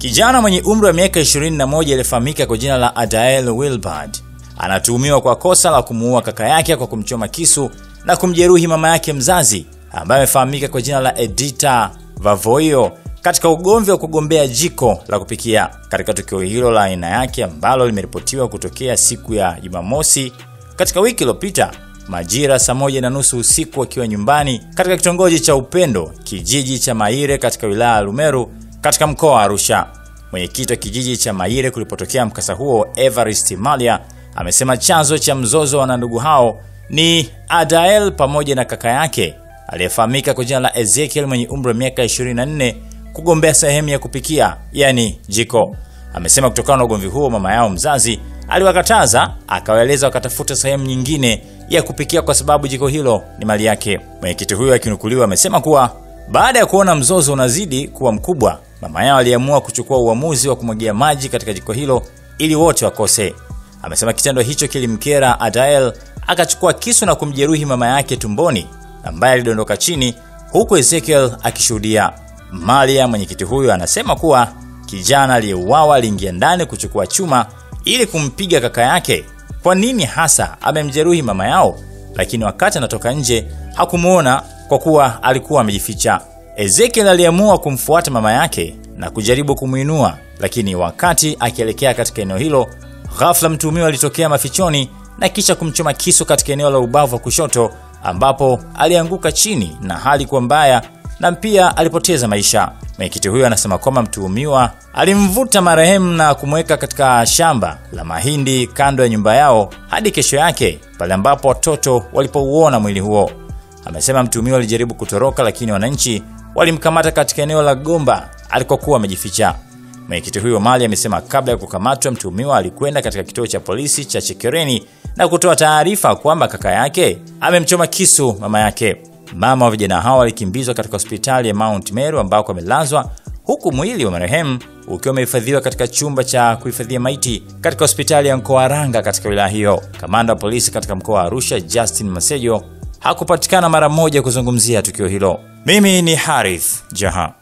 Kijana mwenye umri wa miaka 21 aliyefahamika kwa jina la Adael Wilbard anatuhumiwa kwa kosa la kumuua kaka yake kwa kumchoma kisu na kumjeruhi mama yake mzazi ambaye amefahamika kwa jina la Edita Vavoyo katika ugomvi wa kugombea jiko la kupikia katika tukio hilo la aina yake ambalo limeripotiwa kutokea siku ya Jumamosi katika wiki iliyopita majira saa moja na nusu usiku akiwa nyumbani katika kitongoji cha Upendo kijiji cha Maire katika wilaya ya lumeru katika mkoa wa Arusha. Mwenyekiti wa kijiji cha Maire kulipotokea mkasa huo, Evarist Malia amesema chanzo cha mzozo wa ndugu hao ni Adael pamoja na kaka yake aliyefahamika kwa jina la Ezekiel mwenye umri wa miaka 24 kugombea sehemu ya kupikia yani jiko. Amesema kutokana na ugomvi huo mama yao mzazi aliwakataza akawaeleza wakatafuta sehemu nyingine ya kupikia kwa sababu jiko hilo ni mali yake. Mwenyekiti huyo akinukuliwa amesema kuwa baada ya kuona mzozo unazidi kuwa mkubwa, mama yao aliamua kuchukua uamuzi wa kumwagia maji katika jiko hilo ili wote wakose. Amesema kitendo hicho kilimkera Adael, akachukua kisu na kumjeruhi mama yake tumboni, ambaye alidondoka chini huku Ezekiel akishuhudia. maria mwenyekiti huyo, anasema kuwa kijana aliyeuawa aliingia ndani kuchukua chuma ili kumpiga kaka yake. Kwa nini hasa amemjeruhi mama yao? Lakini wakati anatoka nje hakumwona kwa kuwa alikuwa amejificha. Ezekiel aliamua kumfuata mama yake na kujaribu kumwinua, lakini wakati akielekea katika eneo hilo, ghafla mtuhumiwa alitokea mafichoni na kisha kumchoma kisu katika eneo la ubavu wa kushoto, ambapo alianguka chini na hali kuwa mbaya na pia alipoteza maisha. Mwenyekiti huyo anasema kwamba mtuhumiwa alimvuta marehemu na kumweka katika shamba la mahindi kando ya nyumba yao hadi kesho yake, pale ambapo watoto walipouona mwili huo amesema mtuhumiwa alijaribu kutoroka, lakini wananchi walimkamata katika eneo la Gomba alikokuwa amejificha. Mwenyekiti huyo Mali amesema kabla ya kukamatwa, mtuhumiwa alikwenda katika kituo cha polisi cha Chekereni na kutoa taarifa kwamba kaka yake amemchoma kisu mama yake. Mama wa vijana hao alikimbizwa katika hospitali ya Mount Meru ambako amelazwa huku mwili wa marehemu ukiwa umehifadhiwa katika chumba cha kuhifadhia maiti katika hospitali ya mkoa aranga katika wilaya hiyo. Kamanda wa polisi katika mkoa wa Arusha Justin Masejo hakupatikana mara moja kuzungumzia tukio hilo. Mimi ni Harith Jaha.